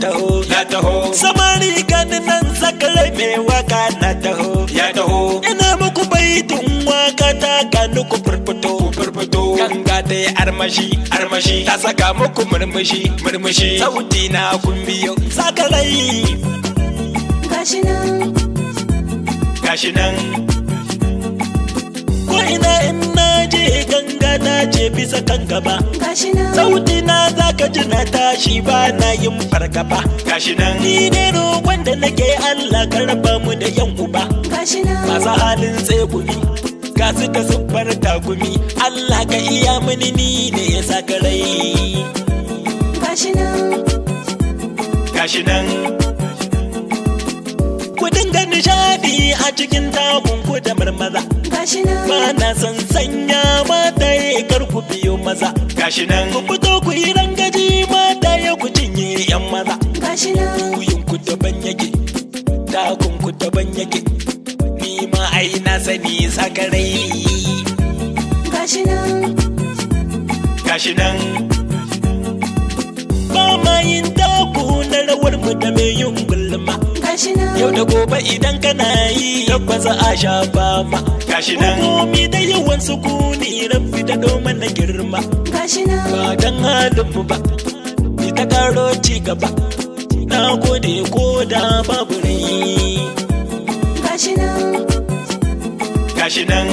taho ya taho samari gani nan sakare mai waka na taho ya taho ina muku baitin waka ta gani ku furfuto furfuto ganga da yi armashi armashi ta saka muku murmushi murmushi sauti na kun biyo sakarai gashinan. nan gashi ko ina in je ganga na ce bisa kan gaba sauti na zaka ji na tashi ba na yin fargaba ni ne roƙon da nake Allah ka raba mu da yan uba masu halin tsegumi ga su da zubar takumi Allah ka iya mini ni ne ya sa ka rai daɗi a cikin tagun ku da marmaza. Gashi nan. Ba na son sanya mata ya kar ku biyo maza. Gashi nan. Ku fito ku yi rangaji mata ya ku cinye yan maza. Gashi nan. Kuyin ku daban yake, tagun takunku daban yake. Ni ma ai na sani sakarai. Gashi nan. Gashi nan. Ba ma yin taku na rawar mu da mai yin gulma. Yau da gobe idan. lakwaza a sha fama gashi nan komi da yawan sukuni ran fita domin na girma gashi nan ba dan halin mu ba ni ta karo ci gaba na gode ko da babu rai gashi nan gashi nan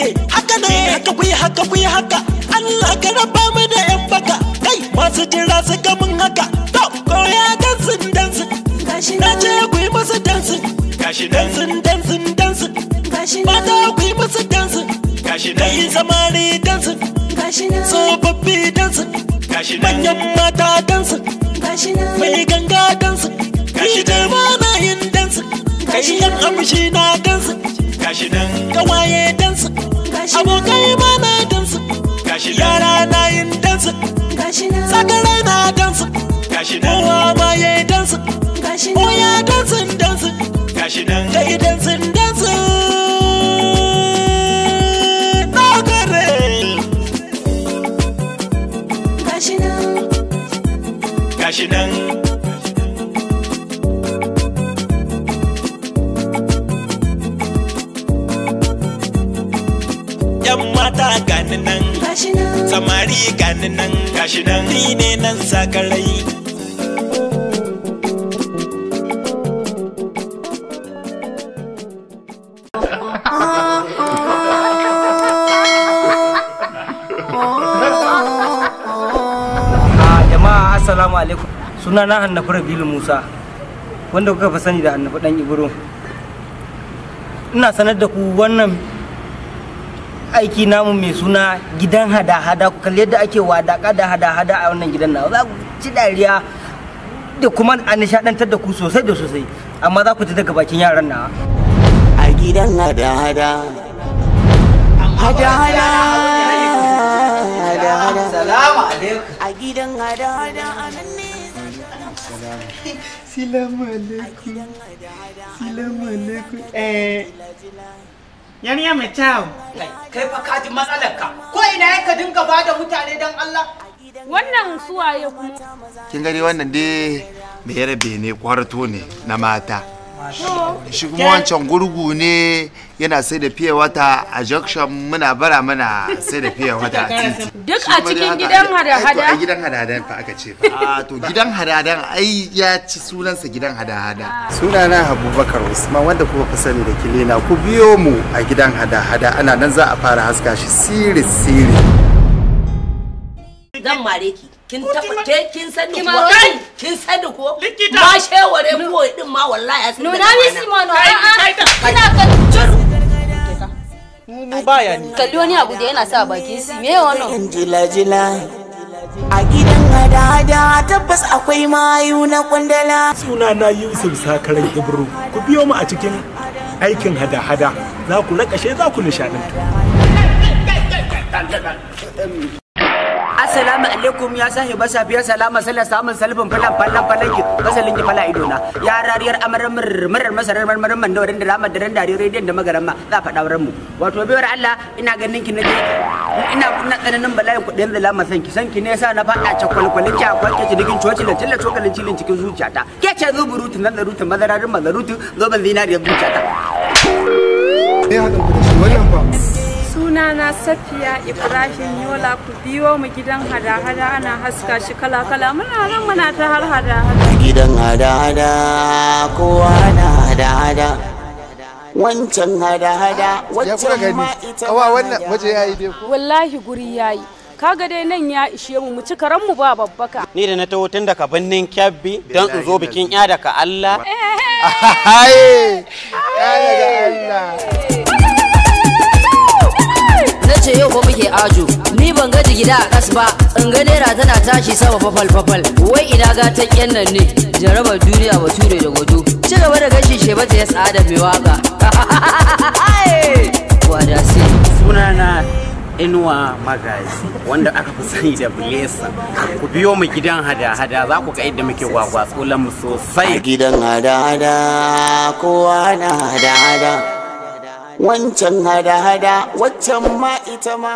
yake haka ne haka kuyi haka kuyi haka Allah ka raba mu da yan baka kai masu jira su ga mun haka to koya dansin dansin gashi na je ku yi musu dansin gashi dansin dansin dansin gashi mata ku yi musu dansin gashi na yi samari dansin gashi na tsofaffi dansin gashi na manyan mata dansin gashi na mai ganga dansin gashi da ba na yin dansin gashi yan amshi na dansin gashi nan kawaye dansin abokai ma na dansu yara na yin dansu tsakarai na dansu kowa ma ya yi dansu o ya dansun dansu da idan sun dansu na kare gashi gani nan samari gani nan ni ne nan sakarai ah, jama'a assalamu alaikum sunana annabi rabilu musa wanda kuka fi sani da annabi dan ibro ina sanar da ku wannan aiki namu mai suna gidan hada-hada ku kalli yadda ake wadaka da hada-hada a wannan gidan na za ku ci dariya da kuma a nishadantar da ku sosai da sosai amma za ku ji daga bakin yaran na a gidan hada-hada hada-hada salamu alaikum a gidan hada-hada a nan ne salamu alaikum salamu alaikum eh Yariya mai kyau. Kai fa ka ji Ko ina ya ka dinga ba da mutane don Allah. Wannan suwaye kuma. Kin gani wannan dai mai yarabe ne kwarto ne na mata. shi wancan gurgu ne yana sai da fiye wata a junction muna bara mana sai da fiye wata a titi duk a cikin gidan hada-hada a gidan hada hada fa aka ce fa ah, to gidan hada hada ai ya ci sunansa gidan hada-hada sunana abubakar usman wanda kuma fi sani da kilena ku biyo mu a gidan hada-hada ana nan za a fara haska shi siri siri zan mare ki kin taba ke kin sani ko kin sani ko ma sheware ko din ma wallahi asin nuna mi simono a'a kana kan juru mu baya ni kalli wani abu da yana sa baki su me wannan jila jila a gidan hada tabbas akwai mayu na kundala. suna na yusuf sakarai ibro ku biyo mu a cikin aikin hada-hada za ku rakashe za ku nishadantu assalamu alaikum ya sahi ba safiya salama sallar samun salbin falan falan falan ki basalin ki fala ido na ya rariyar amaran murmurar masarar marmarin man da da ramar da ran dare rediyon da magaran ma za faɗa wurin mu wato biyar Allah ina ganin ki nake ina kunna tsananin bala'in kuɗin da lamar san ki ne yasa na faɗa cakwalkwalin ki akwai ki cikin coci da tilla cokalin cilin cikin zuciyata ke ce zo zuburutu nan da rutu mazararin mazarutu zo zoben zinariyar zuciyata. Ne hakan ku da shi wannan fa. sunana safiya ibrahim yola ku biyo mu gidan hada-hada ana haska shi kala-kala muna nan muna ta har hada-hada gidan hada-hada kowa na hada-hada wancan hada-hada wancan ma ita kawa wannan waje yayi dai ko wallahi guri yayi kaga dai nan ya ishe mu mu ci karan mu ba babbaka ni da na taho tun daga bannin kyabbi don in zo bikin ya daga Allah eh ya daga Allah ce yau ba muke ajo ni ban ga jigida a kas ba in ga naira tana tashi sama fafal fafal wai ina gatan yan nan ne jarabar duniya ba ture da gwado ci gaba da gashi ba ta ya tsada mai waka wada sai sunana inuwa magazi wanda aka fi sani da blesa ku biyo mu gidan hada-hada za ku ga yadda muke gwagwa tsolan mu sosai gidan hada-hada kowa na hada-hada wancan hada-hada waccan ma ita ma